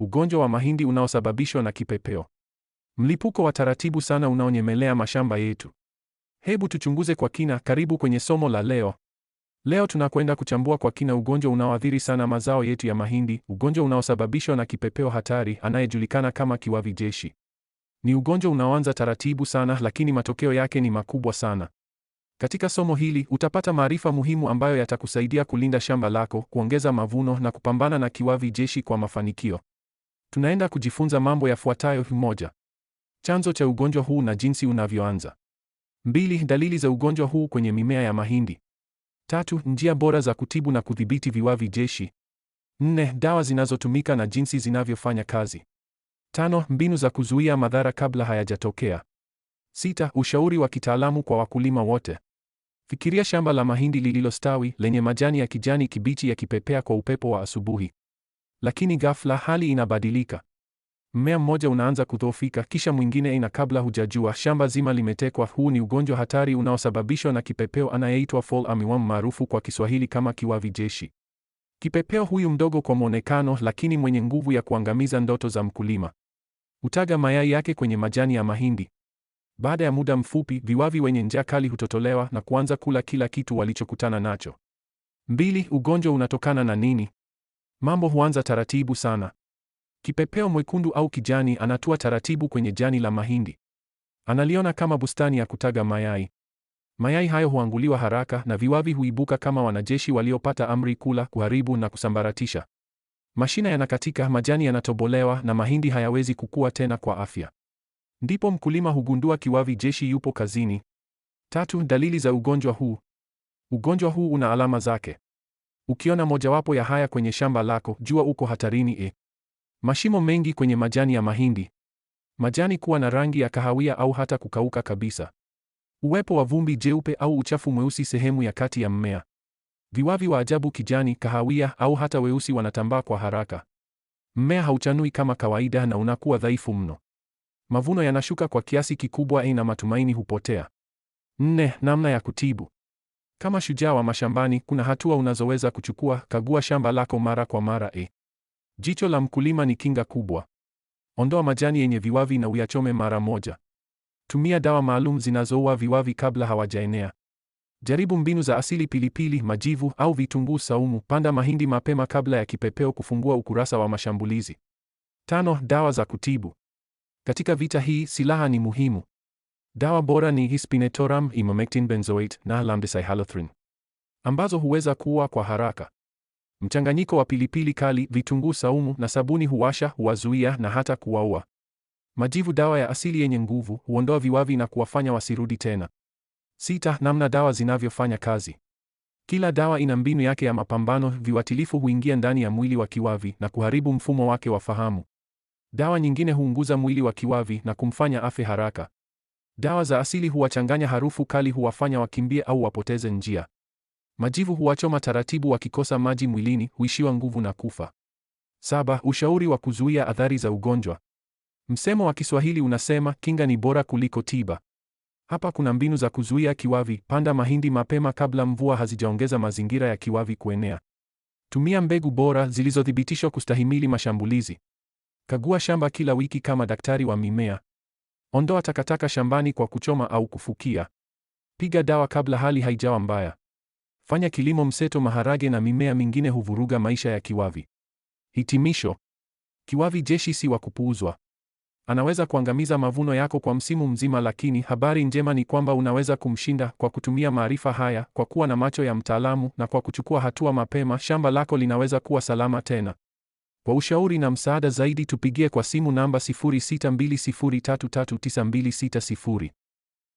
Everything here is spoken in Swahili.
ugonjwa wa mahindi unaosababishwa na kipepeo, mlipuko wa taratibu sana unaonyemelea mashamba yetu. Hebu tuchunguze kwa kina. Karibu kwenye somo la leo. Leo tunakwenda kuchambua kwa kina ugonjwa unaoathiri sana mazao yetu ya mahindi, ugonjwa unaosababishwa na kipepeo hatari anayejulikana kama kiwavi jeshi. Ni ugonjwa unaoanza taratibu sana, lakini matokeo yake ni makubwa sana. Katika somo hili utapata maarifa muhimu ambayo yatakusaidia kulinda shamba lako, kuongeza mavuno na kupambana na kiwavi jeshi kwa mafanikio. Tunaenda kujifunza mambo yafuatayo: moja, chanzo cha ugonjwa huu na jinsi unavyoanza; mbili, dalili za ugonjwa huu kwenye mimea ya mahindi; tatu, njia bora za kutibu na kudhibiti viwavi jeshi; nne, dawa zinazotumika na jinsi zinavyofanya kazi; tano, mbinu za kuzuia madhara kabla hayajatokea; sita, ushauri wa kitaalamu kwa wakulima wote. Fikiria shamba la mahindi lililostawi lenye majani ya kijani kibichi yakipepea kwa upepo wa asubuhi. Lakini ghafla hali inabadilika. Mmea mmoja unaanza kudhoofika, kisha mwingine ina, kabla hujajua shamba zima limetekwa. Huu ni ugonjwa hatari unaosababishwa na kipepeo anayeitwa fall armyworm maarufu kwa Kiswahili kama kiwavi jeshi. Kipepeo huyu mdogo kwa mwonekano, lakini mwenye nguvu ya kuangamiza ndoto za mkulima, hutaga mayai yake kwenye majani ya mahindi. Baada ya muda mfupi, viwavi wenye njaa kali hutotolewa na kuanza kula kila kitu walichokutana nacho. Mbili, ugonjwa unatokana na nini? mambo huanza taratibu sana. Kipepeo mwekundu au kijani anatua taratibu kwenye jani la mahindi. Analiona kama bustani ya kutaga mayai. Mayai hayo huanguliwa haraka na viwavi huibuka kama wanajeshi waliopata amri kula, kuharibu na kusambaratisha. Mashina yanakatika, majani yanatobolewa na mahindi hayawezi kukua tena kwa afya. Ndipo mkulima hugundua kiwavi jeshi yupo kazini. Tatu, dalili za ugonjwa huu. Ugonjwa huu una alama zake. Ukiona mojawapo ya haya kwenye shamba lako, jua uko hatarini. E, mashimo mengi kwenye majani ya mahindi, majani kuwa na rangi ya kahawia au hata kukauka kabisa, uwepo wa vumbi jeupe au uchafu mweusi sehemu ya kati ya mmea, viwavi wa ajabu kijani, kahawia au hata weusi wanatambaa kwa haraka. Mmea hauchanui kama kawaida na unakuwa dhaifu mno. Mavuno yanashuka kwa kiasi kikubwa, e, na matumaini hupotea. Nne, namna ya kutibu. Kama shujaa wa mashambani, kuna hatua unazoweza kuchukua. Kagua shamba lako mara kwa mara e. Jicho la mkulima ni kinga kubwa. Ondoa majani yenye viwavi na uyachome mara moja. Tumia dawa maalum zinazoua viwavi kabla hawajaenea. Jaribu mbinu za asili: pilipili, majivu au vitunguu saumu. Panda mahindi mapema kabla ya kipepeo kufungua ukurasa wa mashambulizi. Tano, dawa za kutibu. Katika vita hii silaha ni muhimu. Dawa bora ni hispinetoram, imamectin benzoate na lambdacyhalothrin ambazo huweza kuua kwa haraka. Mchanganyiko wa pilipili kali, vitunguu saumu na sabuni huwasha, huwazuia na hata kuwaua. Majivu, dawa ya asili yenye nguvu, huondoa viwavi na kuwafanya wasirudi tena. Sita, namna dawa zinavyofanya kazi. Kila dawa ina mbinu yake ya mapambano. viwatilifu huingia ndani ya mwili wa kiwavi na kuharibu mfumo wake wa fahamu. Dawa nyingine huunguza mwili wa kiwavi na kumfanya afe haraka. Dawa za asili huwachanganya, harufu kali huwafanya wakimbie au wapoteze njia. Majivu huwachoma taratibu, wakikosa maji mwilini huishiwa nguvu na kufa. Saba, ushauri wa kuzuia athari za ugonjwa. Msemo wa Kiswahili unasema kinga ni bora kuliko tiba. Hapa kuna mbinu za kuzuia kiwavi. Panda mahindi mapema kabla mvua hazijaongeza mazingira ya kiwavi kuenea. Tumia mbegu bora zilizothibitishwa kustahimili mashambulizi. Kagua shamba kila wiki kama daktari wa mimea. Ondoa takataka shambani kwa kuchoma au kufukia. Piga dawa kabla hali haijawa mbaya. Fanya kilimo mseto. Maharage na mimea mingine huvuruga maisha ya kiwavi. Hitimisho: kiwavi jeshi si wa kupuuzwa. Anaweza kuangamiza mavuno yako kwa msimu mzima, lakini habari njema ni kwamba unaweza kumshinda kwa kutumia maarifa haya. Kwa kuwa na macho ya mtaalamu na kwa kuchukua hatua mapema, shamba lako linaweza kuwa salama tena. Kwa ushauri na msaada zaidi tupigie kwa simu namba 0620339260.